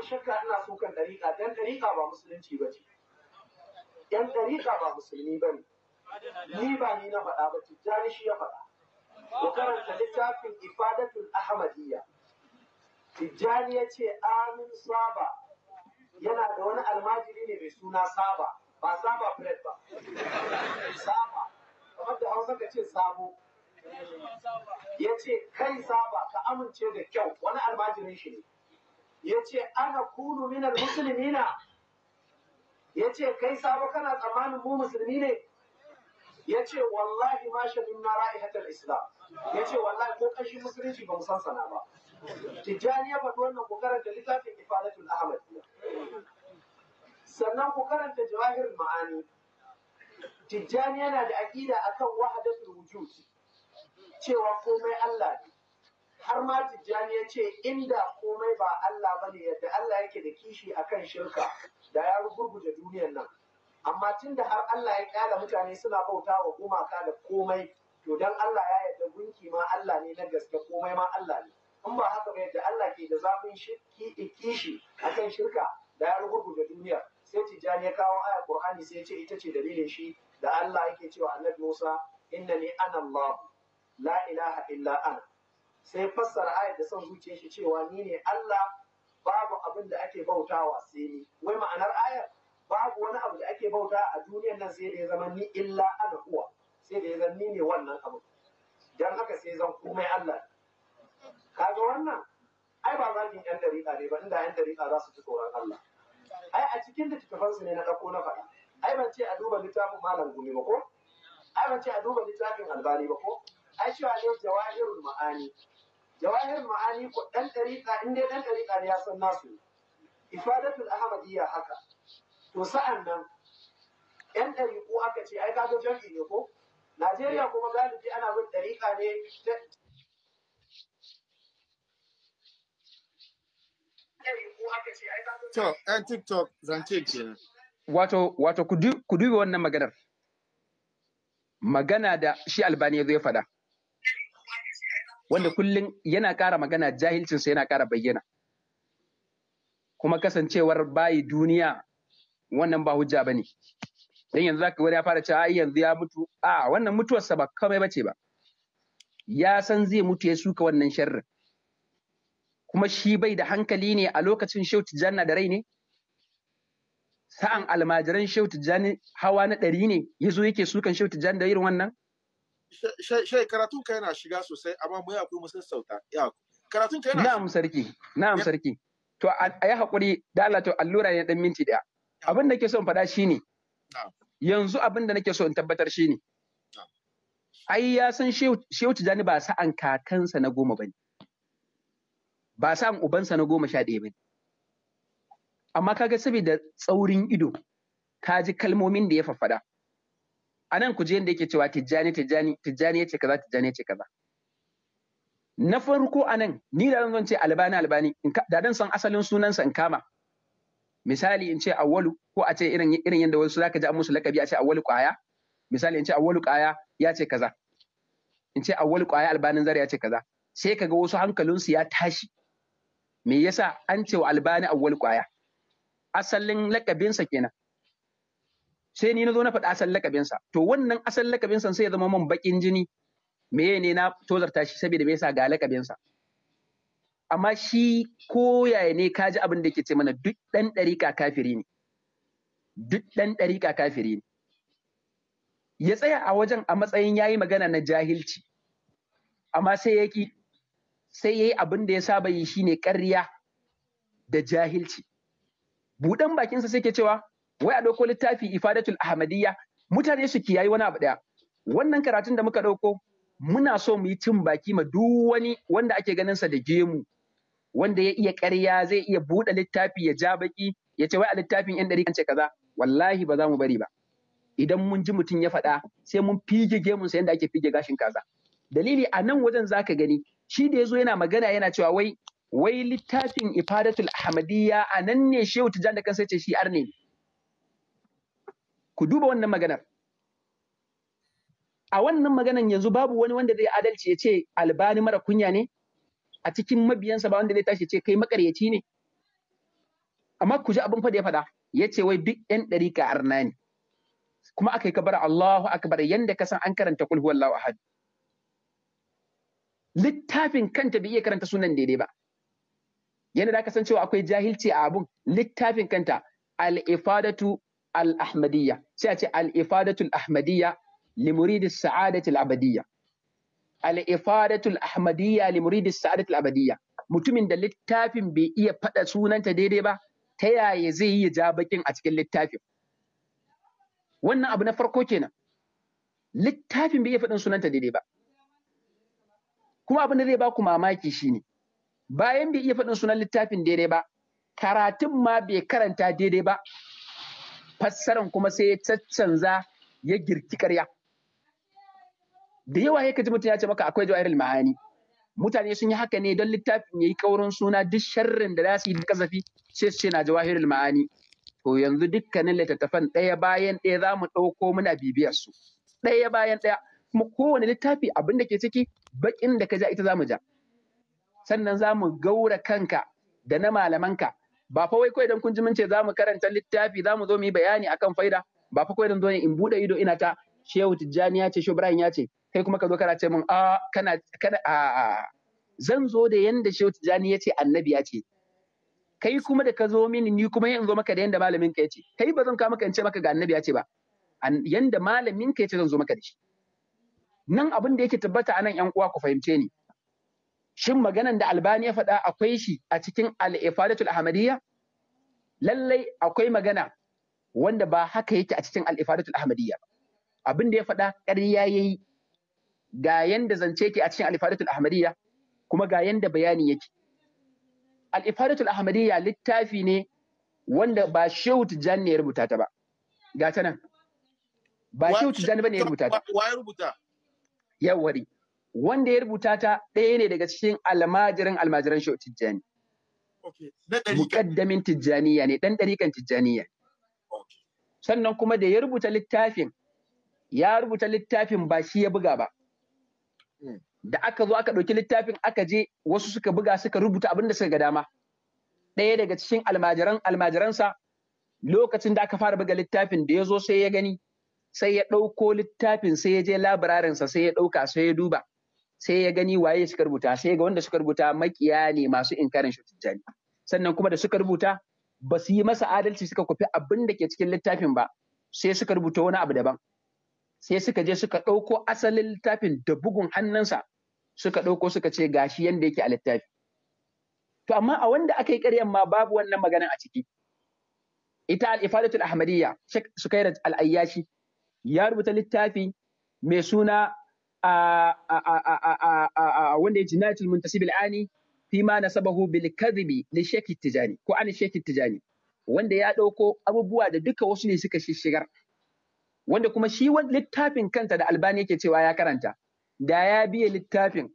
babu shakka ina sukan ɗariƙa dan ɗariƙa ba musulunci ba ce ɗariƙa ba musulmi ba ne ni ba ni na faɗa ba tijjani shi ya faɗa ku karanta littafin ifadatul ahmadiyya tijjani ya ce amin saba yana da wani almajiri ne mai suna saba ba saba fred ba saba kamar da hausa ka ce sabo ya ce kai saba ka amince da kyau wani almajirin shi ne yace ana kunu minal muslimina yace kai sabo kana tsammanin mu musulmi ne yace wallahi ma shahidna ra'ihatul islam yace wallahi ko kashi musulunci ba mu san sana ba tijani ya faɗi wannan ko karanta littafin ifadatul ahmad sannan ku karanta jawahir ma'ani tijjani yana da aƙida akan wahadatul wujud cewa komai Allah ne har ma tijjani ya ce inda komai ba Allah ba ne yadda Allah yake da kishi akan shirka da ya rugurguje duniyar nan amma tun da har Allah ya kyala mutane suna bauta wa gumaka da komai to don Allah ya yadda gunki ma Allah ne na gaske komai ma Allah ne in ba haka ba yadda Allah ke da zafin kishi akan shirka da ya rugurguje duniyar sai tijjani ya kawo aya Qur'ani sai ya ce ita ce dalilin shi da Allah yake cewa Annabi Musa ni ana Allah la ilaha illa ana sai fassara ayat da son zuciyar shi cewa ni ne Allah babu abin da ake bautawa sai ni wai ma'anar ayar babu wani abu da ake bauta a duniyar nan sai da ya zama ni illa ana uwa sai da ya zama ni ne wannan abu dan haka sai zan komai Allah kaga wannan ai ba ki yan dariqa ne ba inda yan dariqa za su ci tsoron Allah ai a cikin littattafansu ne na dako na faɗi. ai ban ce a duba littafin malam gumi ba ko ai ban ce a duba littafin albani ba ko ashiwa ne jawahirul ma'ani jawahirul ma'ani ko dan dariqa in dai dan dariqa ne ya san nasu ifadatul ahmadiyya haka to sa'an nan yan dariqu aka ce ai kaga jami'i ne ko Najeriya kuma galibi ana bin dariqa ne To, ‘yan TikTok zance Wato, wato ku dubi wannan maganar. Magana da shi albani ya zo faɗa. wanda kullum yana ƙara magana jahilcinsa yana ƙara bayyana kuma kasancewar bayi duniya wannan ba hujja ba ne. dan yanzu zaka wani ya fara cewa ai yanzu ya mutu a wannan mutuwarsa ba ba ce ba ya san zai mutu ya suka wannan sharrin kuma shi bai da hankali ne a lokacin shautu janna da rai ne sa'an almajiran shautu Tijjani hawa na ɗari ne ya zo yake sukan shautu Tijjani da irin wannan shai karatun ka yana shiga sosai amma mu ya kuma sassauta ya karatun ka yana na'am sarki na'am sarki to a yi hakuri da Allah to allura ne dan minti daya abin da nake so in faɗa shine yanzu abin da nake so in tabbatar shine ai ya san Shehu Tijani ba sa'an kakansa na goma bane ba sa'an ubansa na goma sha ɗaya bane amma kaga saboda tsaurin ido ka ji kalmomin da ya faffada a nan ku je yadda yake cewa tijjani tijjani tijjani ya ce kaza tijjani ya ce kaza na farko a nan ni da zan ce albani albani da dan san asalin sunansa in kama misali in ce awwalu ko a ce irin irin yadda wasu zaka ji an musu lakabi a ce awwalu qaya misali in ce awwalu qaya ya ce kaza in ce awwalu qaya albanin zare ya ce kaza sai kaga wasu hankalinsu ya tashi me yasa an ce wa albani awwalu qaya asalin lakabinsa kenan sai ni na zo na faɗi asal lakabinsa to wannan asal lakabinsa sai ya zama man baƙin jini meye ne na tozarta shi saboda me yasa ga lakabinsa amma shi ko yaya ne kaji abin da ke ce mana duk ɗan ɗariƙa kafiri ne duk ɗan ɗariƙa kafiri ne ya tsaya a wajen a matsayin yayi magana na jahilci amma sai ya ki sai yayi abin da ya saba yi shine ƙarya da jahilci buɗan bakinsa sai ke cewa wai a ɗauko littafi ifadatul ahmadiyya mutane su kiyayi wani abu ɗaya wannan karatun da muka ɗauko muna so mu yi cin baki ma duk wani wanda ake ganin sa da gemu wanda ya iya ƙarya zai iya buɗe littafi ya ja baki ya ce wai a littafin yan ɗari kan ce kaza wallahi ba za mu bari ba idan mun ji mutum ya faɗa sai mun fige gemun sa yanda ake fige gashin kaza dalili a nan wajen zaka gani shi da yazo yana magana yana cewa wai wai littafin ifadatul ahmadiyya a nan ne shehu tijan da kansa ce shi arne ne ku duba wannan maganar a wannan maganar yanzu babu wani wanda zai adalci ya ce albani mara kunya ne a cikin mabiyansa ba wanda zai tashi ce kai makaryaci ne amma ku ji abin fa ya faɗa ya ce wai duk yan ɗarika arna ne kuma aka yi kabar Allahu akbar yanda ka san an karanta kulhu huwallahu ahad littafin kanta bai iya karanta sunan daidai ba yanda da ka san cewa akwai jahilci a abun littafin kanta al-ifadatu al-ahmadiyya sai a ce al-ifadatul ahmadiyya li muridis sa'adatil abadiyya al-ifadatul ahmadiyya li muridis sa'adatil abadiyya mutumin da littafin bai iya faɗa sunanta daidai ba ta yaya zai yi ja bakin a cikin littafin wannan abu na farko kenan littafin bai iya faɗin sunanta daidai ba kuma abin da zai ba ku mamaki shine bayan bai iya faɗin sunan littafin daidai ba karatun ma bai karanta daidai ba fassaran kuma sai ya caccanza ya girki karya da yawa ya kaji mutum ya ce maka akwai jawahirul ma'ani mutane sun yi haka ne don littafin ya yi kaurin suna duk sharrin da za su yi da kasafi sai ce na jawahirul ma'ani to yanzu dukkanin littattafan ɗaya bayan ɗaya za mu ɗauko muna bibiyar su ɗaya bayan ɗaya kuma kowane littafi abin da ke ciki baƙin da ka ja ita za mu ja sannan za mu gaura kanka da na malamanka ba fa wai kawai dan kun ji mun ce za mu karanta littafi Za mu zo mu yi bayani akan faida ba fa kawai dan zo ne in bude ido ina ta shehu tijjani ya ce shehu ibrahim ya ce kai kuma ka zo kana ce min a kana kana a zan zo da yanda shehu tijjani ya ce annabi ya ce kai kuma da ka zo mini ni kuma in zo maka da yanda malamin ka ya ce kai ba zan kawo maka in ce maka ga annabi ya ce ba yanda malamin ka ya ce zan zo maka da shi nan abin da yake tabbata anan yan uwa ku fahimce ni shin maganan da albani ya faɗa akwai shi a cikin al-ifadatul ahmadiyya lallai akwai magana wanda ba haka yake a cikin al-ifadatul ahmadiyya abin da ya faɗa ƙarya yayi ga yanda zance yake a cikin al-ifadatul ahmadiyya kuma ga yanda bayani yake al-ifadatul ahmadiyya littafi ne wanda ba Shehu Tijjani ne ya rubuta ta ba ga ta nan ba Shehu Tijjani ba ne ya rubuta ta wa rubuta yawwari wanda ya rubuta ta ɗaya ne daga cikin almajirin almajiran shi tijjani muƙaddamin tijjaniya ne ɗan ɗarikan tijjaniya sannan kuma da ya rubuta littafin ya rubuta littafin ba shi ya buga ba hmm. da aka zo aka ɗauki littafin aka je wasu suka buga suka rubuta abin da suka ga dama ɗaya daga cikin almajiran almajiransa lokacin da aka fara buga littafin da ya zo sai ya gani sai ya ɗauko littafin sai ya je laburarensa, sai ya ɗauka sai ya duba sai ya gani waye suka rubuta sai ga wanda suka rubuta makiya ne masu inkarin shi tijjani sannan kuma da suka rubuta ba su yi masa adalci suka kwafi abin da ke cikin littafin ba sai suka rubuta wani abu daban sai suka je suka ɗauko asalin littafin da bugun hannunsa suka ɗauko suka ce gashi yanda yake a littafi to amma a wanda aka yi ƙaryan ma babu wannan maganan a ciki ita al-ifadatul ahmadiyya shek sukairat al-ayyashi ya rubuta littafi mai suna wanda ya ji natil muntasib al'ani fi ma nasabahu bil kadhibi li shaki tijani ko an shaki tijani wanda ya ɗauko abubuwa da duka wasu ne suka shigar wanda kuma shi littafin kanta da albani yake cewa ya karanta da ya biya littafin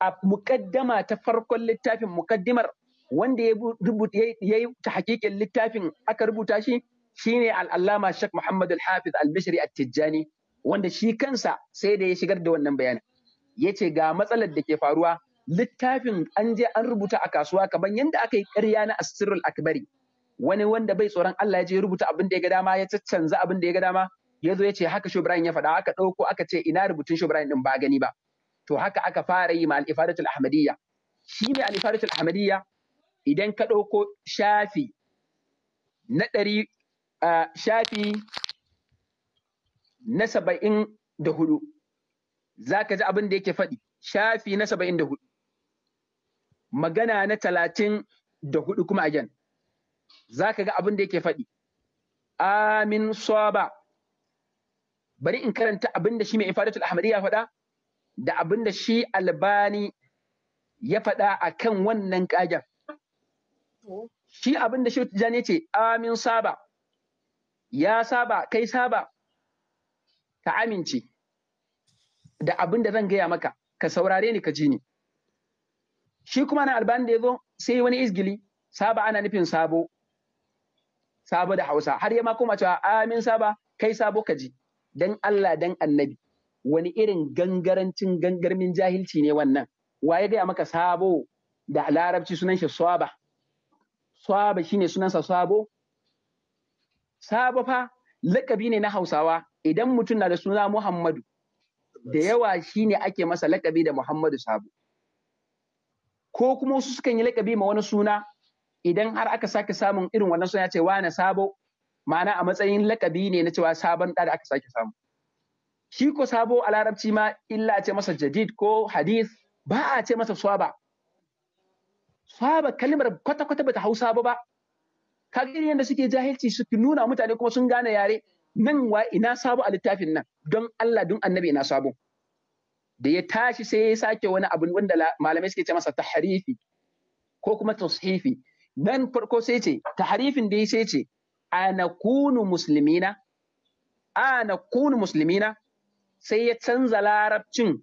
a mukaddama ta farkon littafin mukaddimar wanda ya yi ta hakikin littafin aka rubuta shi shine al-allama Sheikh Muhammad al-Hafiz al-Bishri at-Tijjani wanda shi kansa sai da ya shigar da wannan bayanin ya ce ga matsalar da ke faruwa littafin an je an rubuta a kasuwa kamar yadda aka yi ƙarya na asirul akbari wani wanda bai tsoron Allah ya je rubuta abin da ya ga dama ya caccanza abin da ya ga dama ya zo ya ce haka Shubran ya faɗa aka ɗauko aka ce ina rubutun Shubran din ba gani ba to haka aka fara yi ma al-ifadatul ahmadiyya shi ne al-ifadatul ahmadiyya idan ka ɗauko shafi na ɗari shafi na saba'in da hudu za ka ji abin da yake faɗi shafi na saba'in da hudu magana na talatin da hudu kuma again za ka ga abin da yake faɗi amin soba bari in karanta abin da shi mai ifadatul ahmadi ya faɗa da abin da shi albani ya faɗa a kan wannan ƙagen shi abin da shi tijjani ce amin saba ya saba kai saba ka amince da abin da zan gaya maka ka saurare ni ka ji ni shi kuma na alban da ya zo sai wani izgili saba ana nufin sabo sabo da hausa har ya ma kuma cewa amin saba kai sabo ka ji dan Allah dan annabi wani irin gangarancin gangarmin jahilci ne wannan wa ya gaya maka sabo da larabci sunan shi swaba swaba shine sunansa sabo sabo fa lakabi ne na hausawa idan mutum na da suna Muhammadu da yawa shi ne ake masa lakabi da Muhammadu Sabo. Ko kuma wasu sukan yi lakabi ma wani suna idan har aka sake samun irin wannan suna ce wane sabo ma'ana a matsayin lakabi ne na cewa sabon da aka sake samu. Shi ko sabo a larabci ma illa ce masa jadid ko hadith ba a ce masa swaba. Swaba kalmar kwata-kwata bata hau sabo ba. Kaga irin yadda suke jahilci suke nuna mutane kuma sun gane yare. nan wa ina sabo a littafin nan don Allah don annabi ina sabo da ya tashi sai ya sake wani abu wanda malamai suke ce masa tahrifi ko kuma tashifi nan farko sai ce tahrifin da ya sai ce ana kunu muslimina ana kunu muslimina sai ya canza larabcin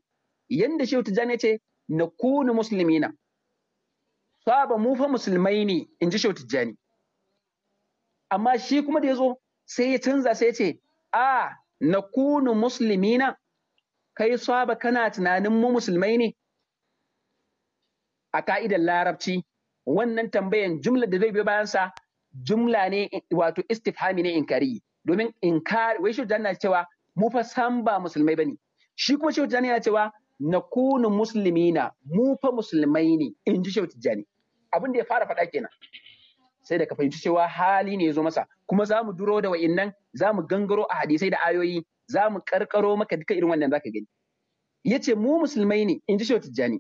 yanda shi tijjani ce na kunu muslimina saba mu fa musulmai ne in ji shehu amma shi kuma da ya zo sai ya canza sai ce a na kunu na kai saba kana tunanin mu musulmai ne a ka'idar larabci wannan tambayan jumla da zai biyo bayansa jumla ne wato istifhami ne inkari domin inkari wai shi na cewa mu fa san ba musulmai bane shi kuma shi tijjani ya cewa na kunu na mu fa musulmai ne in ji shi tijjani abin da ya fara faɗa kenan sai da ka fahimci cewa hali ne ya zo masa kuma za mu duro da wa'innan za mu gangaro a hadisai da ayoyi za mu karkaro maka duka irin wannan zaka gani ya ce mu musulmai ne in ji shehu tijjani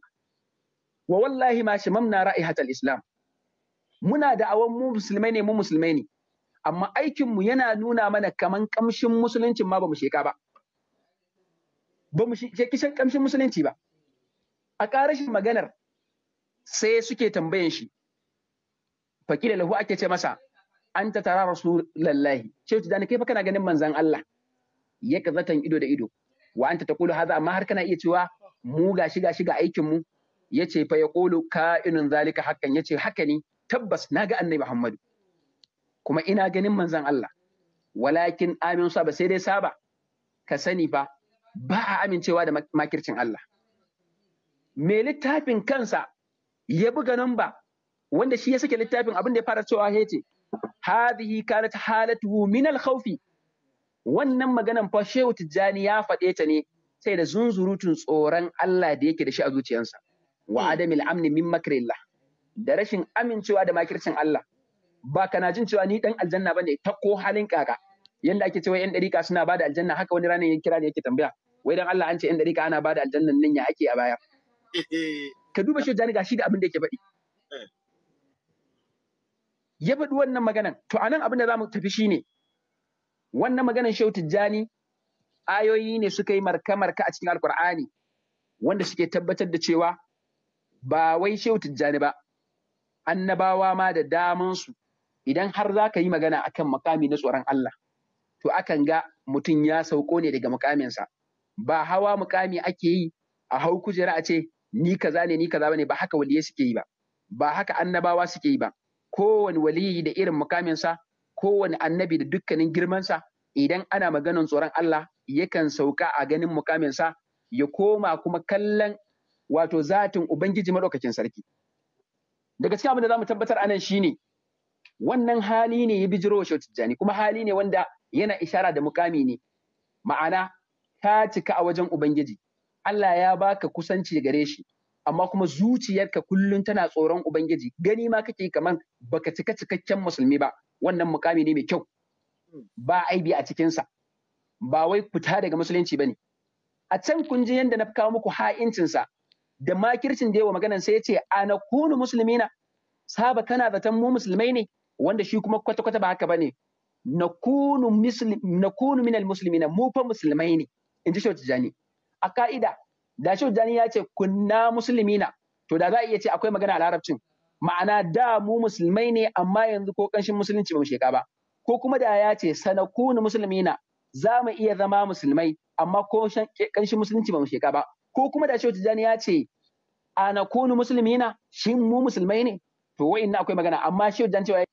wa wallahi ma shimamna ra'ihatal islam muna da awon mu musulmai ne mu musulmai ne amma aikinmu yana nuna mana kaman kamshin musuluncin ma bamu sheka ba Bamu mu kamshin musulunci ba a ƙarashin maganar sai suke tambayan shi fakila lahu ake ce masa anta tara rasulullahi shehu tijani kai fa kana ganin manzan Allah ya kazatan ido da ido wa anta taqulu haza amma har kana iya cewa mu ga shiga shiga aikin mu yace fa yaqulu ka'inun zalika hakan yace haka ne tabbas naga annabi Muhammadu kuma ina ganin manzan Allah walakin amin saba sai dai saba ka sani fa ba a amincewa da makircin Allah me littafin kansa ya buga namba wanda shi ya sake littafin abin da ya fara cewa ya ce hadhihi kanat halatuhu min al-khawfi wannan maganan fa Shehu Tijjani ya faɗe ta ne sai da zunzurutun tsoron Allah da yake da shi a zuciyarsa wa hmm. adamil amni min makrillah da rashin amincewa da makircin Allah ba kana jin cewa ni dan aljanna bane ta ko halin kaka yanda ake cewa yan dariƙa suna bada aljanna haka wani ranar ya kira ne yake tambaya wai dan Allah an ce yan dariƙa ana bada aljannan nan ya ake a baya ka duba shi jani gashi da abin da yake faɗi ya faɗi wannan maganan to anan abin da za mu tafi shine wannan maganan Shehu Tijjani ayoyi ne suka yi marka-marka a cikin Alkur'ani wanda suke tabbatar da cewa ba wai Shehu Tijjani ba annabawa ma da damansu idan har za ka yi magana akan makami na tsoron Allah to akan ga mutum ya sauko ne daga mukaminsa ba hawa mukami ake yi a hau kujera a ce ni kaza ne ni kaza bane ba haka waliye suke yi ba ba haka annabawa suke yi ba kowane waliyi da irin mukaminsa kowane annabi da dukkanin girmansa idan ana maganan tsoron Allah yakan sauka a ganin mukaminsa ya koma kuma kallon wato zatin ubangiji madaukakin sarki daga cikin abin da za mu tabbatar anan shi ne. wannan hali ne ya bijiro wa tijjani kuma hali ne wanda yana ishara da mukami ne ma'ana ta cika a wajen ubangiji Allah ya baka kusanci gare shi amma kuma zuciyarka kullum tana tsoron ubangiji gani ma kake kaman baka cika cikakken musulmi ba wannan mukami ne mai kyau ba aibi a cikinsa ba wai fita daga musulunci ne. a can kun ji yadda na kawo muku ha'incinsa da makircin da yawa maganan sai ya ce ana kunu musulmina saba kana zaton mu musulmai ne wanda shi kuma kwata-kwata ba haka bane nakunu minal muslimina mu fa musulmai ne in ji shautu jani a ka'ida da shi Jani ya ce kunna musulmina to da za a iya ce akwai magana a larabcin ma'ana da mu musulmai ne amma yanzu ko kanshin musulunci ba mu sheka ba ko kuma da ya ce musulmi musulmina za mu iya zama musulmai amma ko kanshin musulunci ba mu sheka ba ko kuma da shi Jani ya ce musulmi musulmina shin mu musulmai ne to na akwai magana amma shi Jani cewa